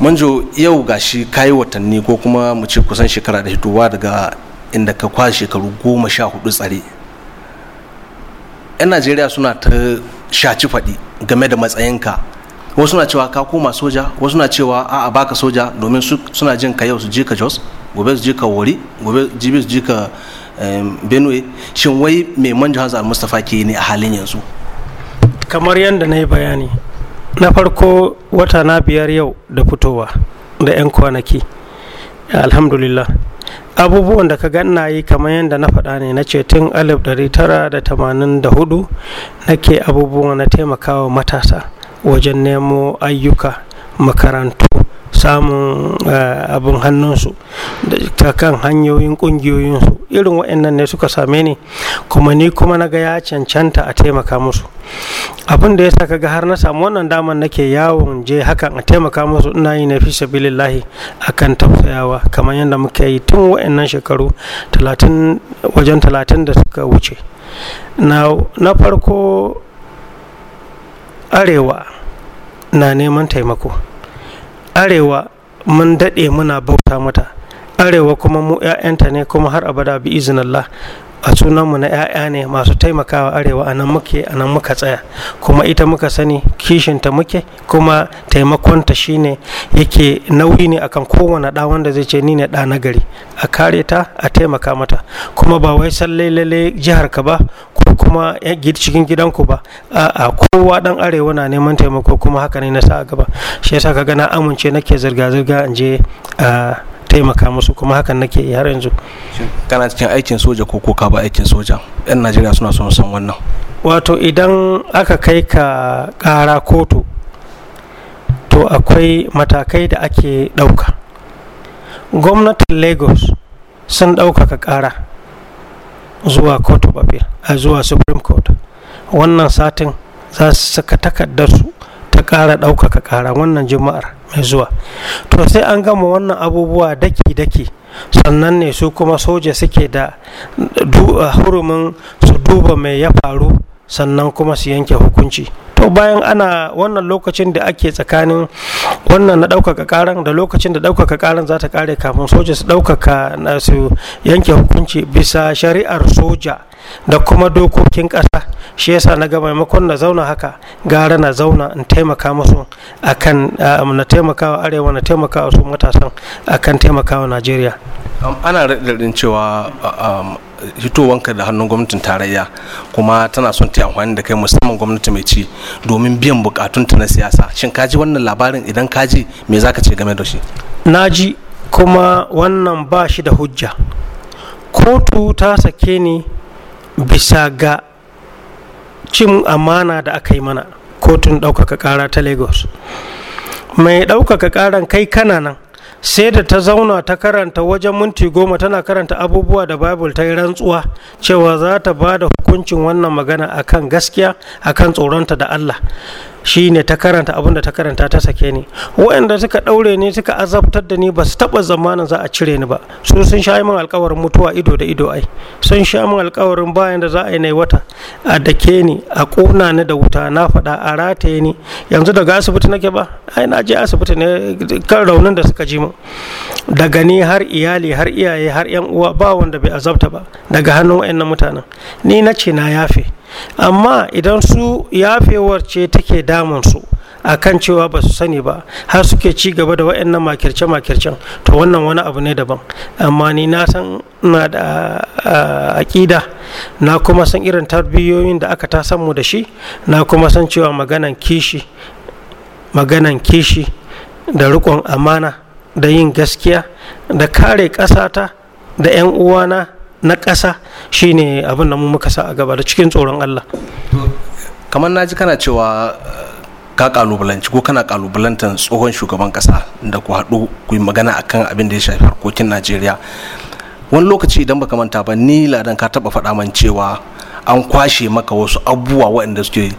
manjo yau gashi kayi watanni ko kuma mu ce kusan shekara da hitowa daga inda ka kwashe shekaru goma sha hudu tsare yan najeriya suna ta shaci faɗi game da matsayinka wasu na cewa ka koma soja wasu na cewa a'a baka soja domin suna jin ka yau su ji ka jos gobe su ji ka wari gobe jibi su ji ka benue shin wai mai manjo hazar mustapha ke ne a halin yanzu kamar yadda na yi bayani na farko wata na biyar yau da fitowa da 'yan kwanaki alhamdulillah abubuwan da ka ganna yi kamar yadda na faɗa ne na ce cetin 1984 nake abubuwa na taimakawa matasa wajen nemo ayyuka makarantu samun eh, abin hannunsu ta kan hanyoyin ƙungiyoyinsu irin waɗannan ne suka same ni kuma ni kuma na ga ya cancanta a taimaka musu abin da ya sa ga har na samu wannan daman nake yawon je hakan a taimaka musu ina yi na fi sabilillahi akan tausayawa kamar yadda muka yi tun waɗannan shekaru wajen talatin da suka wuce na farko arewa na neman taimako arewa mun daɗe muna bauta mata arewa kuma mu 'ya'yanta ne kuma har abada bi izinallah a sunanmu na 'ya'ya ne masu taimakawa arewa a nan muke a nan muka tsaya kuma ita muka sani kishinta muke kuma taimakonta shine yake nauyi ne akan kowane ɗa wanda zai ce ni ne ɗa nagari a kare ta a taimaka mata kuma ba wai sallai lalle jihar ka ba kuma cikin gidanku ba a'a kowa dan arewa na neman taimako kuma haka ne na sa gaba shi yasa ka gana amince nake zirga-zirga in je a taimaka musu kuma hakan nake har yanzu kana cikin aikin soja ko koka ba aikin soja yan najeriya suna son san wannan wato idan aka kai ka kara kotu to akwai matakai da ake ɗauka gwamnatin lagos sun ka ƙara zuwa court of appeal a zuwa supreme court wannan satin za su saka takardar su ta ƙara ɗaukaka kara wannan juma'ar mai zuwa to sai an gama wannan abubuwa daki-daki sannan ne su kuma soja suke da hurumin su duba mai ya faru sannan kuma su yanke hukunci to bayan ana wannan lokacin da ake tsakanin wannan na ɗaukaka karan da lokacin da ɗaukaka karan za ta kare kafin soja su ɗaukaka su yanke hukunci bisa shari'ar soja da kuma dokokin ƙasa shi yasa na ga maimakon na zauna haka gara na zauna in taimaka musu akan na taimakawa arewa na taimakawa su matasan akan taimakawa najeriya ana raɗaɗin cewa hitowanka da hannun gwamnatin tarayya kuma tana son ta amfani da kai musamman gwamnati mai ci domin biyan bukatunta na siyasa shin kaji wannan labarin idan kaji me zaka ce game da shi ji kuma wannan ba shi da hujja kotu ta sake ni bisa ga cin amana da aka yi mana kotun ɗaukaka ƙara ta lagos mai ɗaukaka ƙaran kai kana nan sai da ta zauna ta karanta wajen minti goma tana karanta abubuwa da bible ta yi rantsuwa cewa za ta ba da hukuncin wannan magana akan gaskiya akan tsoronta da allah shi ne ta karanta abin da ta karanta ta sake ni waɗanda suka ɗaure ni suka azabtar da ni ba su taɓa zamanin za a cire ni ba su sun sha min alkawarin mutuwa ido da ido ai sun sha min alkawarin bayan da za a yi nai wata a dake ni a ƙona ni da wuta na faɗa a rataye ni yanzu daga asibiti nake ba ai na je asibiti ne kan raunin da suka ji mu daga ni har iyali har iyaye har yan uwa ba wanda bai azabta ba daga hannun waɗannan mutanen ni na ce na yafe amma idan su yafewar ce take damunsu a kan cewa ba su sani ba har suke ci gaba da waɗannan makirce-makircen to wannan wani abu ne daban amma ni na san na da aƙida na kuma san irin tarbiyoyin da aka ta mu da shi na kuma san cewa maganan kishi maganan kishi da riƙon amana da yin gaskiya da kare ƙasata da 'yan uwana na ƙasa shine abin da mu muka sa a gaba da cikin tsoron Allah kamar ji kana cewa eh, ka kalubalanci ko kana kalubalantar tsohon shugaban kasa da ku haɗu ku yi magana akan abin da ya shafi harkokin Najeriya wani lokaci idan baka manta ba ni ladan ka taɓa faɗa man cewa an kwashe maka wasu abubuwa waɗanda suke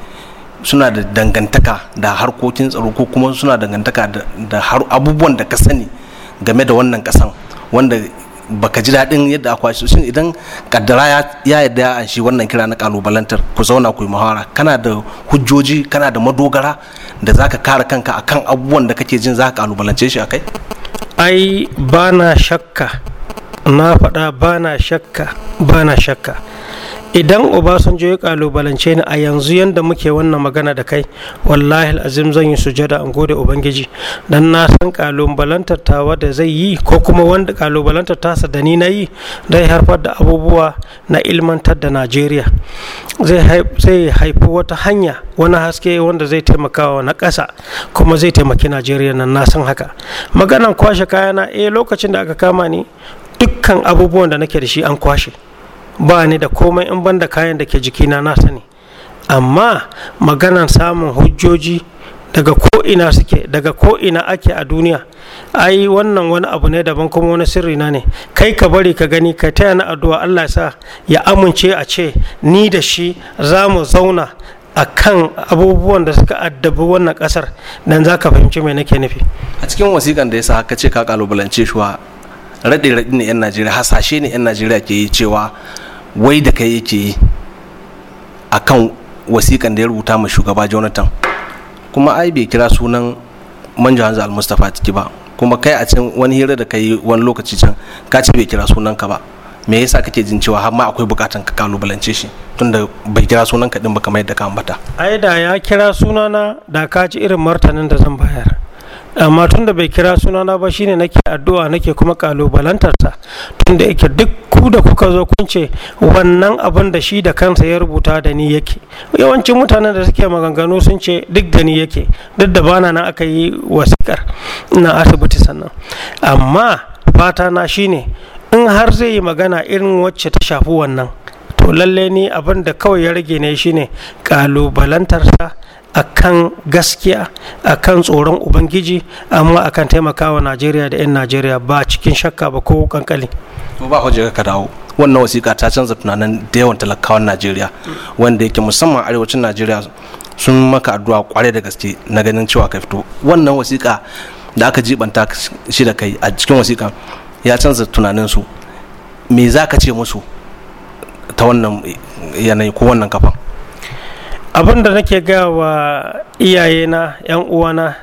suna da dangantaka da harkokin tsaro ko kuma suna dangantaka da abubuwan da ka sani game da wannan kasan wanda baka ji daɗin yadda a kwashe shi idan kaddara ya yadda ya shi wannan kira na kalubalantar ku zauna ku yi muhawara kana da hujjoji kana da madogara da zaka kare kanka akan abubuwan da kake jin zaka kalubalance shi akai ai bana shakka na faɗa bana shakka bana shakka idan obasanjo ya kalubalance ni a yanzu yadda muke wannan magana da kai wallahi azim zan yi sujada an gode ubangiji dan na san kalubalantar ta da zai yi ko kuma wanda kalubalantar tasa da ni na yi zai haifar da abubuwa na ilmantar da najeriya zai haifi wata hanya wani haske wanda zai taimakawa na ƙasa kuma zai taimaki najeriya nan na san haka maganan kwashe kayana eh lokacin da aka kama ni dukkan abubuwan da nake da shi an kwashe ba ni da komai in banda kayan da ke jikina na sani amma maganan samun hujjoji daga ko'ina suke daga ko'ina ake a duniya ai wannan wani abu ne daban kuma wani sirri na ne kai ka bari ka gani ka taya na addu'a allah sa ya amince a ce ni da shi za mu zauna a kan abubuwan da suka addabi wannan kasar dan za ka fahimci mai nake nufi a cikin wasiƙan da ya sa haka ce ka kalubalance shi raɗe raɗi ne 'yan najeriya hasashe ne 'yan najeriya ke yi cewa wai da kai yake yi a kan wasiƙan da ya rubuta ma shugaba jonathan kuma ai bai kira sunan manjo hanzu al-mustapha ciki ba kuma kai a can wani hira da kai wani lokaci can ka ce bai kira sunan ka ba me yasa kake jin cewa har ma akwai bukatan ka kalubalance shi tunda bai kira sunan ka din ba kamar yadda ka ambata ai da ya kira sunana da ka ci irin martanin da zan bayar amma tun da bai kira sunana ba shine nake addu'a nake kuma kalubalantarsa tun da yake duk ku da kuka zo kun ce wannan abin da shi da kansa ya rubuta da ni yake yawancin mutanen da suke maganganu sun ce duk da ni yake duk da bana na aka yi wasikar na asibiti sannan amma fata na shine in har zai yi magana irin wacce ta shafi wannan to lalle ni abin da kawai ya rage ne shine kalubalantarsa akan gaskiya akan tsoron ubangiji amma akan taimakawa najeriya da 'yan najeriya ba cikin shakka ba ko kankali ba hujja ka dawo wannan wasiƙa ta canza tunanin da yawan talakawan najeriya wanda yake musamman arewacin najeriya sun maka addu'a kwarai da gaske na ganin cewa ka fito wannan wasiƙa da aka jibanta shi da kai a cikin wasiƙa ya canza tunanin su me za ka ce musu ta wannan yanayi ko wannan kafan abin da nake gaya wa iyayena 'yan uwana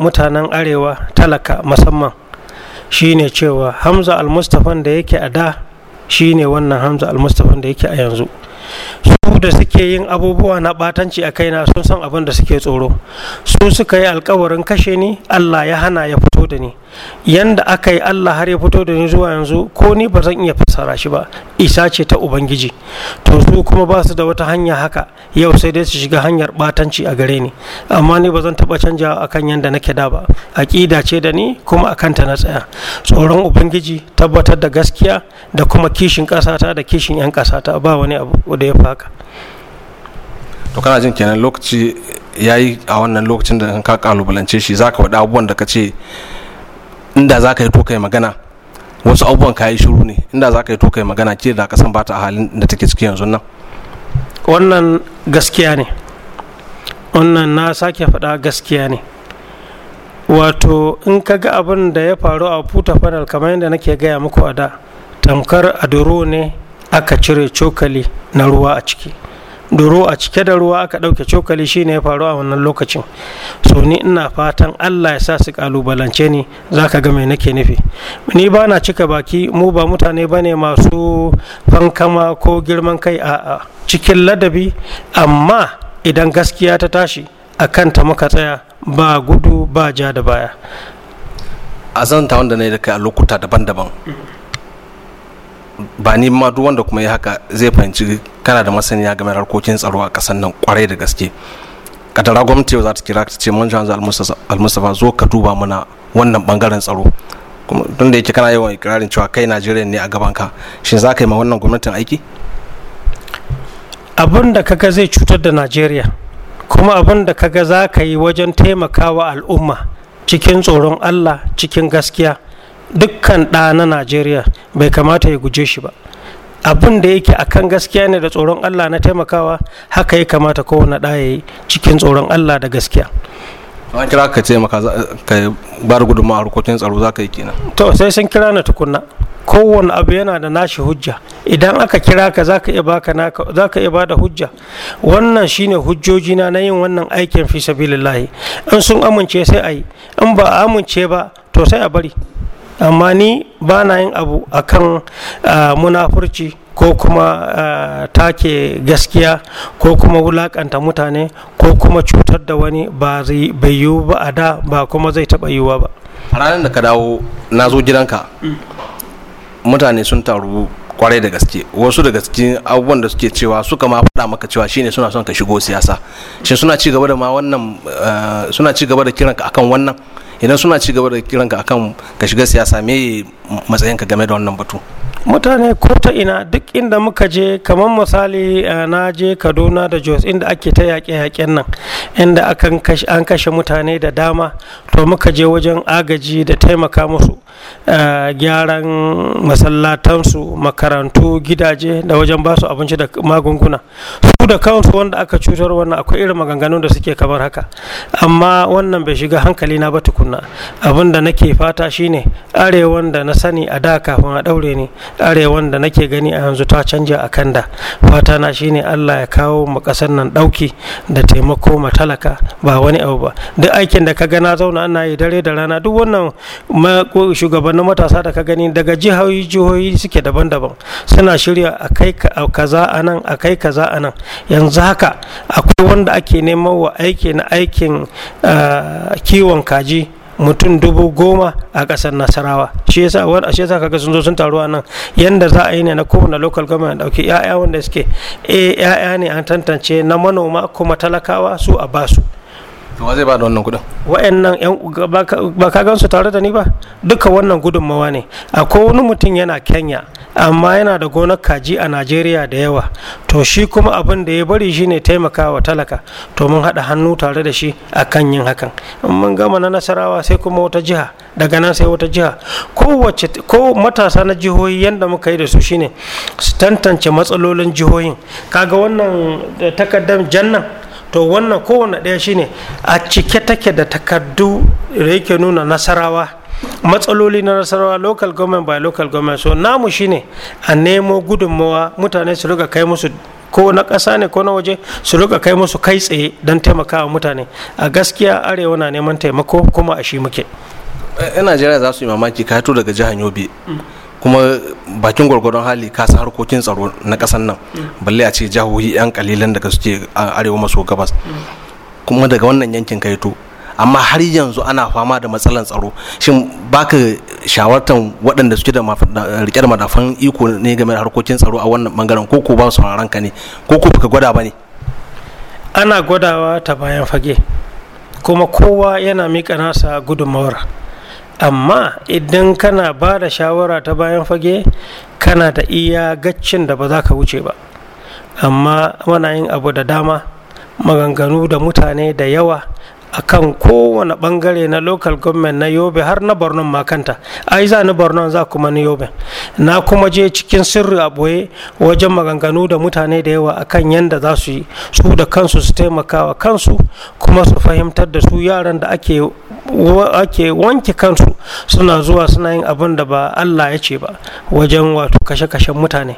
mutanen arewa talaka musamman shine cewa hamza almustafan da yake a da shine wannan hamza almustafan da yake a yanzu su da suke yin abubuwa na batanci a kaina sun san abin da suke tsoro su suka yi alkawarin kashe ni allah ya hana ya da ni yanda aka yi Allah har ya fito da ni zuwa yanzu ko ni ba zan iya fassara shi ba isa ce ta ubangiji to su kuma ba su da wata hanya haka yau sai dai su shiga hanyar batanci a gare ni amma ni ba zan taba canjawa akan yanda nake da ba aƙida ce da ni kuma akan ta na tsaya tsoron ubangiji tabbatar da gaskiya da kuma kishin ƙasata da kishin 'yan ƙasata ba wani abu da ya faka to kana jin kenan lokaci ya yi a wannan lokacin da ka kalubalance shi za ka waɗa abubuwan da ka ce inda za ka yi to kai magana wasu abubuwan ka yi shiru ne inda za ka yi to kai magana ke da kasan ba ta halin da take ciki yanzu nan wannan gaskiya ne wannan na sake faɗa gaskiya ne wato in ka ga abin da ya faru a puta fadar kamar yadda nake gaya muku a da tamkar adiro ne aka cire cokali na ruwa a ciki doro a cike da ruwa aka ɗauke cokali shine ya faru a wannan lokacin so ni ina fatan allah ya sa su kalubalance ni za ka ga mai nake nufi ni ba na cika baki mu ba mutane ba ne masu fankama ko girman kai a cikin ladabi amma idan gaskiya ta tashi a kanta muka tsaya ba gudu ba ja da baya a zanta wanda na yi da kai a lokuta daban-daban ba ni ma duk wanda kuma ya haka zai fahimci kana da masaniya game harkokin tsaro a kasan nan kwarai da gaske kadara gwamnati yau za ta kira ta ce mun janzu almusafa zo ka duba mana wannan bangaren tsaro kuma tun da yake kana yawan ikirarin cewa kai najeriya ne a gaban ka shin za ka yi ma wannan gwamnatin aiki abin da kaga zai cutar da najeriya kuma abin da kaga za ka yi wajen taimakawa al'umma cikin tsoron allah cikin gaskiya dukkan ɗa na najeriya bai kamata ya guje shi ba abin da yake kan gaskiya ne da tsoron allah na taimakawa haka ya kamata kowane ɗa ya yi cikin tsoron allah da gaskiya an kira ka taimaka ka bar a harkokin tsaro za ka yi kenan to sai sun kira na tukunna kowane abu yana da nashi hujja idan aka kira ka za ka iya ba da hujja wannan shine hujjojina na yin wannan aikin fi sabilillahi in sun amince sai a yi in ba a amince ba to sai a bari amma ni ba na yin abu akan munafurci ko kuma take gaskiya ko kuma wulakanta mutane ko kuma cutar da wani ba zai yiwu ba a da ba kuma zai taɓa yiwuwa ba a ranar da ka dawo na zo gidanka mm. mutane sun taru kwarai da gaske wasu daga cikin abubuwan da suke cewa suka ma faɗa maka cewa shine suna son ka shigo siyasa shi suna ci da ma wannan suna ci gaba da kiranka akan wannan idan suna ci gaba da kiranka akan ka shiga siyasa me matsayinka game da wannan batu mutane ko ta ina duk inda muka je kamar misali eh, na je kaduna da jos inda ake ta yaƙe-yaƙen nan inda an kashe mutane da dama to muka je wajen agaji da taimaka musu eh, gyaran masallatansu makarantu gidaje da wajen basu abinci da magunguna su da kansu wanda aka cutar wannan akwai irin maganganun da suke kamar haka amma wannan bai shiga hankali na ba tukunna abin da nake fata shine arewan da na sani a da kafin a daure ni arewan da nake gani a yanzu ta canja a kan da fata na shine Allah ya kawo mu kasar nan dauki da taimako ma talaka ba wani abu ba duk aikin da ka ga na zauna ana yi dare da rana duk wannan shugabannin matasa da ka gani daga jihohi jihohi suke daban-daban suna shirya a kai kaza anan. a kai kaza a yanzu haka akwai wanda ake neman wa aiki na aikin ah, kiwon kaji mutum dubu goma a ƙasar nasarawa shi yasa wani shi yasa kaga sun zo sun taru a nan yanda za a yi ne na kowane local government dauki ya'ya wanda suke eh ya'ya ne an tantance na manoma kuma talakawa su a basu wa zai da wannan kudin wa'annan yan ba ka gansu tare da ni ba duka wannan gudunmawa ne akwai wani mutum yana kenya amma yana da gonar kaji a najeriya da yawa to shi kuma abin da ya bari shine taimakawa talaka to mun haɗa hannu tare da shi a kan yin hakan mun gama na nasarawa sai kuma wata jiha daga nan sai wata jiha kowace ko matasa na jihohi yadda muka yi da su shine su tantance matsalolin jihohin kaga wannan takardar jannan to wannan kowane ɗaya shine a cike take da takardu da yake nuna nasarawa matsaloli na nasarawa local government by local government so namu shine a nemo gudunmawa mutane su riga kai musu ko na ƙasa ne ko na waje su riga kai musu kai tsaye don taimakawa mutane a gaskiya arewa na neman taimako kuma a shi muke yan najeriya za su yi mamaki ka hito daga jihar yobe kuma bakin gwargwadon hali ka sa harkokin tsaro na ƙasar nan balle a ce jihohi yan kalilan daga suke arewa maso gabas kuma daga wannan yankin ka hito amma har yanzu ana fama da matsalar tsaro shin baka shawartan waɗanda suke da rike da madafan iko ne game da harkokin tsaro a wannan bangaren ko ko ba su ranka ne ko ko baka gwada ba ne ana gwadawa ta bayan fage kuma kowa yana mika nasa gudunmawar amma idan kana ba da shawara ta bayan fage kana da iya gaccin da ba za ka wuce ba amma muna yin abu da dama maganganu da mutane da yawa akan kowane bangare na local government na yobe har na borno makanta ai za ni borno za kuma ni yobe na kuma je cikin sirri a boye wajen maganganu da mutane da yawa akan yadda za su yi su da kansu su taimakawa kansu kuma su fahimtar da su yaran da ake ake wanke kansu suna zuwa suna yin abin da ba allah ya ce ba wajen wato kashe-kashen mutane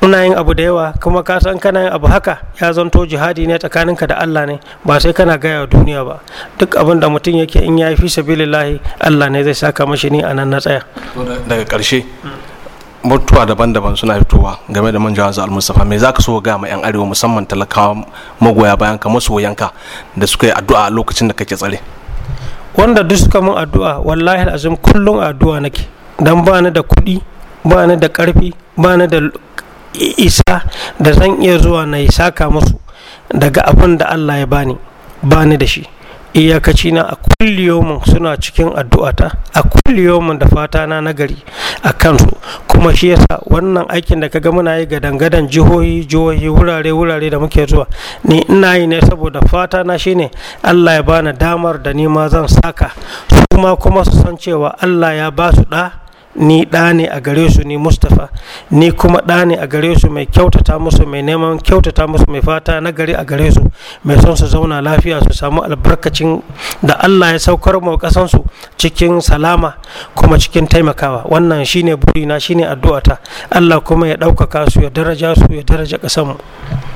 ina yin abu da yawa kuma ka san kana yin abu haka ya zanto jihadi ne tsakaninka da Allah ne ba sai kana gaya wa duniya ba duk abin da mutum yake in ya fi sabilillahi Allah ne zai saka mashi ni a nan na tsaya daga karshe mutuwa daban-daban suna fitowa game da manja za al-mustafa me zaka so ga ma yan arewa musamman talakawa magoya bayan ka masoyanka da suka yi addu'a a lokacin da kake tsare wanda duk suka mun addu'a wallahi azum kullum addu'a nake dan ba ni da kuɗi ba ni da ƙarfi ba ni da isa da zan iya zuwa na saka musu daga abin da Allah ya bani bani da shi iyakaci na a kulliyomin suna cikin addu'ata a kulliyomin da fata na nagari a kansu kuma shi yasa wannan aikin da kaga muna yi ga dangadan jihohi jihohi wurare wurare da muke zuwa ni ina yi ne saboda fata na shine Allah ya bani damar da ni ma zan saka su ma kuma su san cewa Allah ya ba su da ni ɗa ne a gare su ni mustapha ni kuma ɗa ne a gare su mai kyautata musu mai neman kyautata musu mai fata na gari a gare su mai son su zauna lafiya su samu albarkacin da allah ya saukar mu kasansu cikin salama kuma cikin taimakawa wannan shine burina shine addu'ata allah kuma ya ɗaukaka su ya daraja su ya daraja ƙasanmu